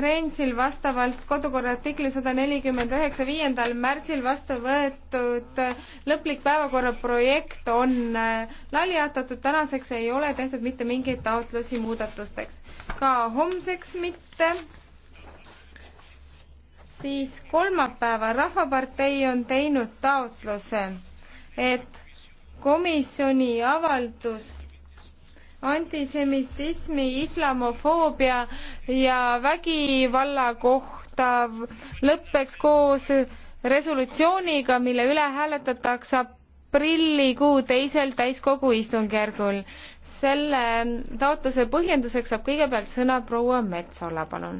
konverentsil vastavalt kodukorra artikli sada nelikümmend üheksa viiendal märtsil vastu võetud lõplik päevakorra projekt on äh, laiali jaotatud, tänaseks ei ole tehtud mitte mingeid taotlusi muudatusteks, ka homseks mitte. siis kolmapäeval Rahvapartei on teinud taotluse, et komisjoni avaldus antisemitismi, islamofoobia ja vägivalla kohta lõpeks koos resolutsiooniga, mille üle hääletatakse aprillikuu teisel täiskogu istungjärgul. selle taotluse põhjenduseks saab kõigepealt sõna proua Metsola, palun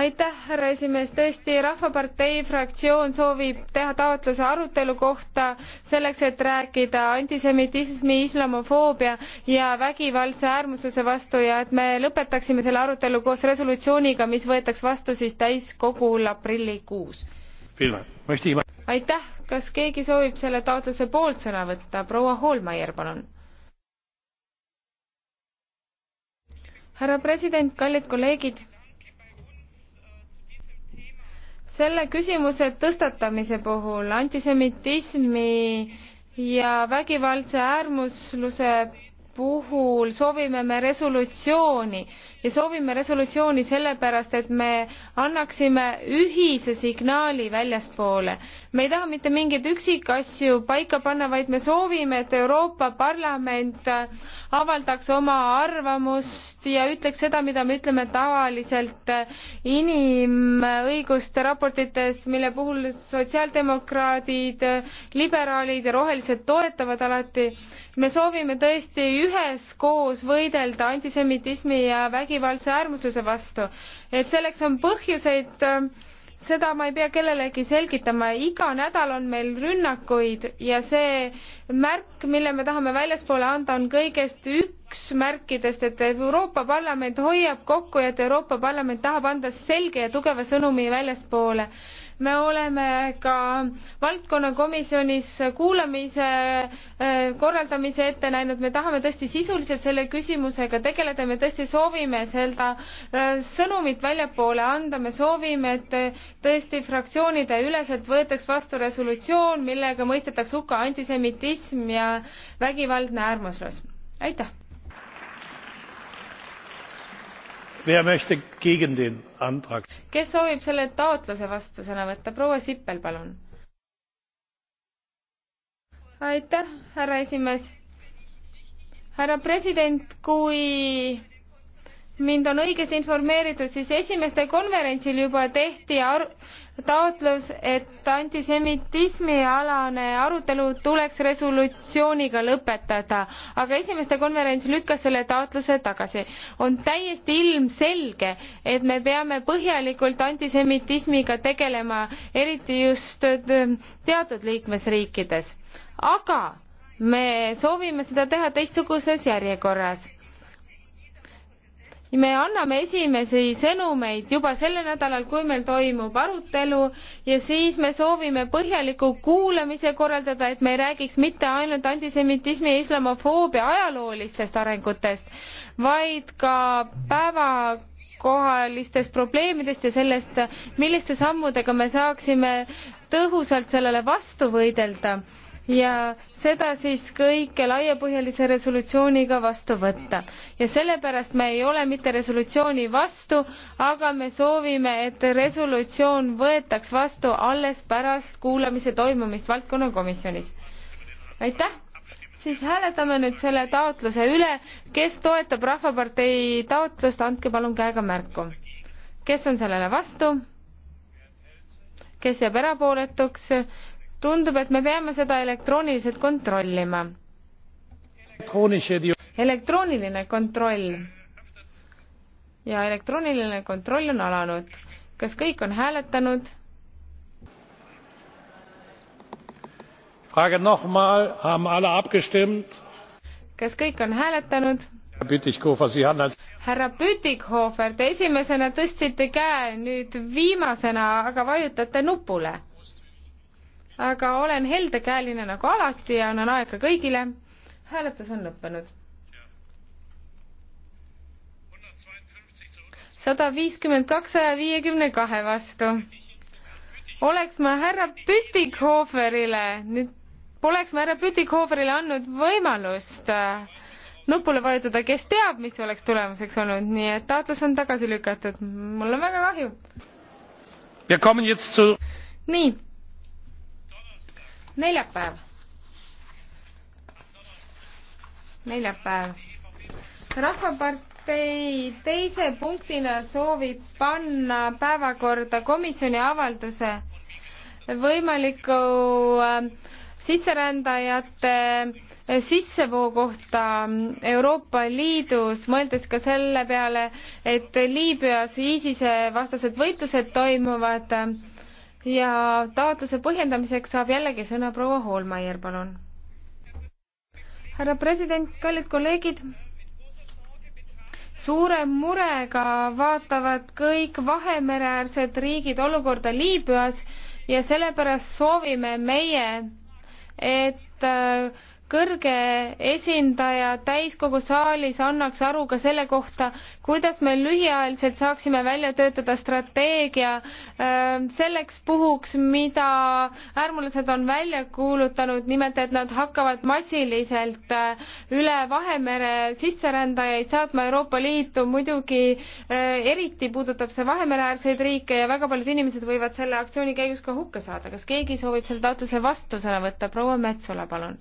aitäh, härra esimees, tõesti Rahvapartei fraktsioon soovib teha taotluse arutelu kohta selleks, et rääkida antisemitismi, islamofoobia ja vägivaldse äärmusluse vastu ja et me lõpetaksime selle arutelu koos resolutsiooniga, mis võetaks vastu siis täiskogul aprillikuus. aitäh, kas keegi soovib selle taotluse poolt sõna võtta, proua Hoolmeier, palun. härra president, kallid kolleegid selle küsimuse tõstatamise puhul antisemitismi ja vägivaldse äärmusluse puhul soovime me resolutsiooni ja soovime resolutsiooni sellepärast, et me annaksime ühise signaali väljaspoole. me ei taha mitte mingeid üksikasju paika panna, vaid me soovime, et Euroopa Parlament avaldaks oma arvamust ja ütleks seda, mida me ütleme tavaliselt inimõiguste raportites, mille puhul sotsiaaldemokraadid, liberaalid ja rohelised toetavad alati. me soovime tõesti üheskoos võidelda antisemitismi ja vägivaldse äärmusluse vastu. et selleks on põhjuseid, äh, seda ma ei pea kellelegi selgitama, iga nädal on meil rünnakuid ja see märk, mille me tahame väljaspoole anda, on kõigest üks märkidest, et Euroopa Parlament hoiab kokku ja et Euroopa Parlament tahab anda selge ja tugeva sõnumi väljaspoole me oleme ka valdkonnakomisjonis kuulamise äh, korraldamise ette näinud, me tahame tõesti sisuliselt selle küsimusega tegeleda, me tõesti soovime seda äh, sõnumit väljapoole anda, me soovime, et äh, tõesti fraktsioonide üleselt võetaks vastu resolutsioon, millega mõistetaks hukka antisemitism ja vägivaldne äärmuslus. aitäh! kes soovib selle taotluse vastu sõna võtta? proua Sippel, palun. aitäh, härra esimees. härra president, kui mind on õigesti informeeritud, siis esimeste konverentsil juba tehti taotlus, et antisemitismi alane arutelu tuleks resolutsiooniga lõpetada, aga esimeste konverents lükkas selle taotluse tagasi. on täiesti ilmselge, et me peame põhjalikult antisemitismiga tegelema, eriti just äh, teatud liikmesriikides. aga me soovime seda teha teistsuguses järjekorras me anname esimesi sõnumeid juba sellel nädalal, kui meil toimub arutelu ja siis me soovime põhjaliku kuulamise korraldada, et me ei räägiks mitte ainult antisemitismi ja islamofoobia ajaloolistest arengutest, vaid ka päevakohalistest probleemidest ja sellest, milliste sammudega me saaksime tõhusalt sellele vastu võidelda ja seda siis kõike laiapõhjalise resolutsiooniga vastu võtta. ja sellepärast me ei ole mitte resolutsiooni vastu, aga me soovime, et resolutsioon võetaks vastu alles pärast kuulamise toimumist valdkonnakomisjonis. aitäh! siis hääletame nüüd selle taotluse üle, kes toetab Rahvapartei taotlust, andke palun käega märku. kes on sellele vastu? kes jääb erapooletuks? tundub, et me peame seda elektrooniliselt kontrollima. elektrooniline kontroll. ja elektrooniline kontroll on alanud. kas kõik on hääletanud? kas kõik on hääletanud? härra Bütikofer, te esimesena tõstsite käe, nüüd viimasena aga vajutate nupule aga olen heldekäeline nagu alati ja annan aega kõigile. hääletus on lõppenud. sada viiskümmend kaks saja viiekümne kahe vastu. oleks ma härra Pütikhoferile, nüüd poleks ma härra Pütikhoferile andnud võimalust äh, nupule vajutada, kes teab, mis oleks tulemuseks olnud, nii et taotlus on tagasi lükatud. mul on väga kahju. nii neljapäev. neljapäev. rahvapartei teise punktina soovib panna päevakorda komisjoni avalduse võimaliku ähm, sisserändajate äh, sissevoo kohta Euroopa Liidus, mõeldes ka selle peale, et Liibüas ISISe vastased võitlused toimuvad ja taotluse põhjendamiseks saab jällegi sõna proua Hoolmeier, palun. härra president, kallid kolleegid, suure murega vaatavad kõik Vahemereäärsed riigid olukorda Liibüas ja sellepärast soovime meie, et äh, kõrge esindaja täiskogu saalis annaks aru ka selle kohta, kuidas me lühiajaliselt saaksime välja töötada strateegia äh, selleks puhuks, mida äärmulased on välja kuulutanud, nimelt et nad hakkavad massiliselt äh, üle Vahemere sisserändajaid saatma Euroopa Liitu, muidugi äh, eriti puudutab see Vahemere-äärseid riike ja väga paljud inimesed võivad selle aktsiooni käigus ka hukka saada. kas keegi soovib selle taotluse vastu sõna võtta? proua Metsola, palun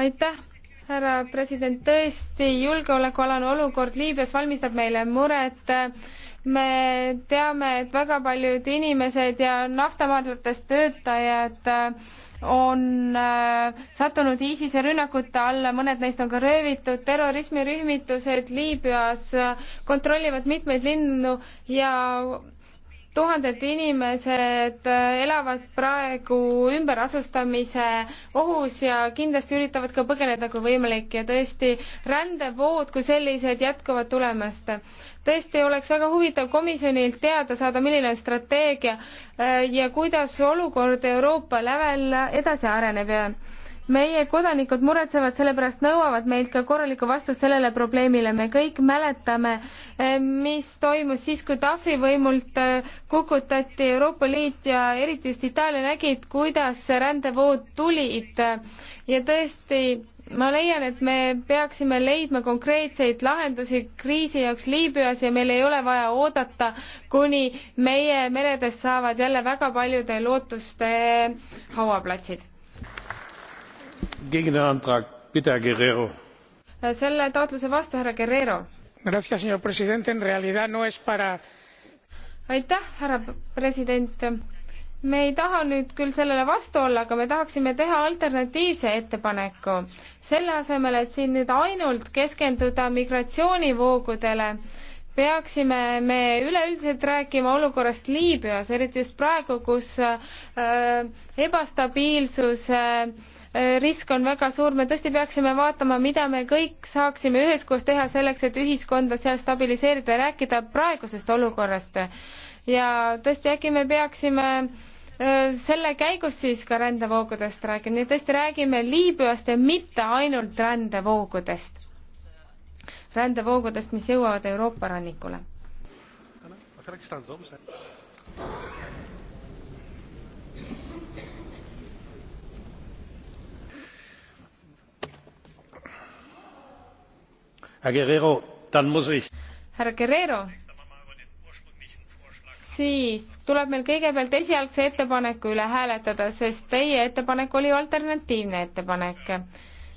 aitäh, härra president, tõesti julgeolekualane olukord Liibüas valmistab meile muret me teame, et väga paljud inimesed ja naftamaardlates töötajad on äh, sattunud ISISe rünnakute alla, mõned neist on ka röövitud, terrorismirühmitused Liibüas kontrollivad mitmeid linnu ja tuhanded inimesed äh, elavad praegu ümberasustamise ohus ja kindlasti üritavad ka põgeneda, kui võimalik ja tõesti rändevood kui sellised jätkuvad tulemast. tõesti oleks väga huvitav komisjonilt teada saada, milline on strateegia äh, ja kuidas olukord Euroopa lävel edasi areneb ja meie kodanikud muretsevad, sellepärast nõuavad meilt ka korralikku vastust sellele probleemile. me kõik mäletame, eh, mis toimus siis, kui Tafi võimult eh, kukutati Euroopa Liit ja eriti just Itaalia nägid, kuidas rändevood tulid ja tõesti ma leian, et me peaksime leidma konkreetseid lahendusi kriisi jaoks Liibüas ja meil ei ole vaja oodata, kuni meie meredest saavad jälle väga paljude lootuste hauaplatsid Äh, selle taotluse vastu härra guerrero. No para... aitäh härra president! me ei taha nüüd küll sellele vastu olla, aga me tahaksime teha alternatiivse ettepaneku. selle asemel, et siin nüüd ainult keskenduda migratsioonivoogudele, peaksime me üleüldiselt rääkima olukorrast Liibüas, eriti just praegu, kus äh, ebastabiilsus äh, Äh, risk on väga suur, me tõesti peaksime vaatama, mida me kõik saaksime üheskoos teha selleks, et ühiskonda seal stabiliseerida ja rääkida praegusest olukorrast. ja tõesti, äkki me peaksime äh, selle käigus siis ka rändevoogudest räägime, nii et tõesti räägime Liibüast ja mitte ainult rändevoogudest. rändevoogudest, mis jõuavad Euroopa rannikule. härra Guerrero, siis tuleb meil kõigepealt esialgse ettepaneku üle hääletada, sest teie ettepanek oli alternatiivne ettepanek.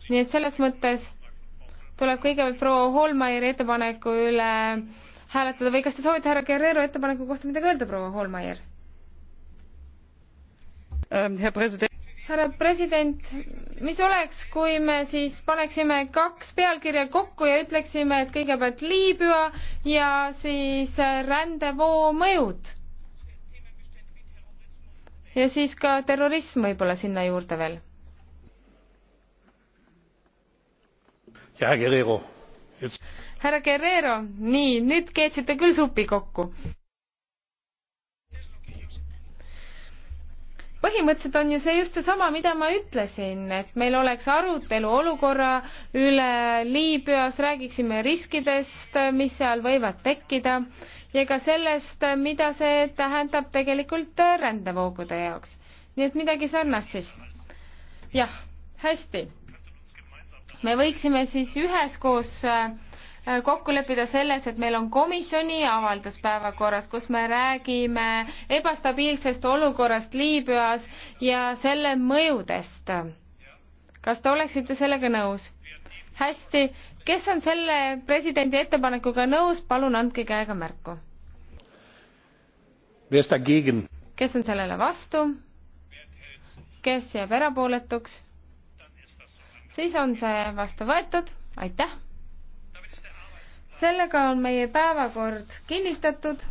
nii et selles mõttes tuleb kõigepealt proua Holmaieri ettepaneku üle hääletada või kas te soovite härra Guerrero ettepaneku kohta midagi öelda, proua Holmaier ähm,? härra president, mis oleks, kui me siis paneksime kaks pealkirja kokku ja ütleksime, et kõigepealt Liibüa ja siis äh, rändevoo mõjud? ja siis ka terrorism võib-olla sinna juurde veel. härra Guerrero, nii, nüüd keetsite küll supi kokku põhimõtteliselt on ju see just seesama, mida ma ütlesin, et meil oleks arutelu olukorra üle Liibüas, räägiksime riskidest, mis seal võivad tekkida ja ka sellest, mida see tähendab tegelikult rändevoogude jaoks. nii et midagi sarnast siis. jah, hästi. me võiksime siis üheskoos äh, Äh, kokku leppida selles, et meil on komisjoni avaldus päevakorras, kus me räägime ebastabiilsest olukorrast Liibüas ja selle mõjudest. kas te oleksite sellega nõus? hästi, kes on selle presidendi ettepanekuga nõus, palun andke käega märku. kes on sellele vastu? kes jääb erapooletuks? siis on see vastu võetud, aitäh sellega on meie päevakord kinnitatud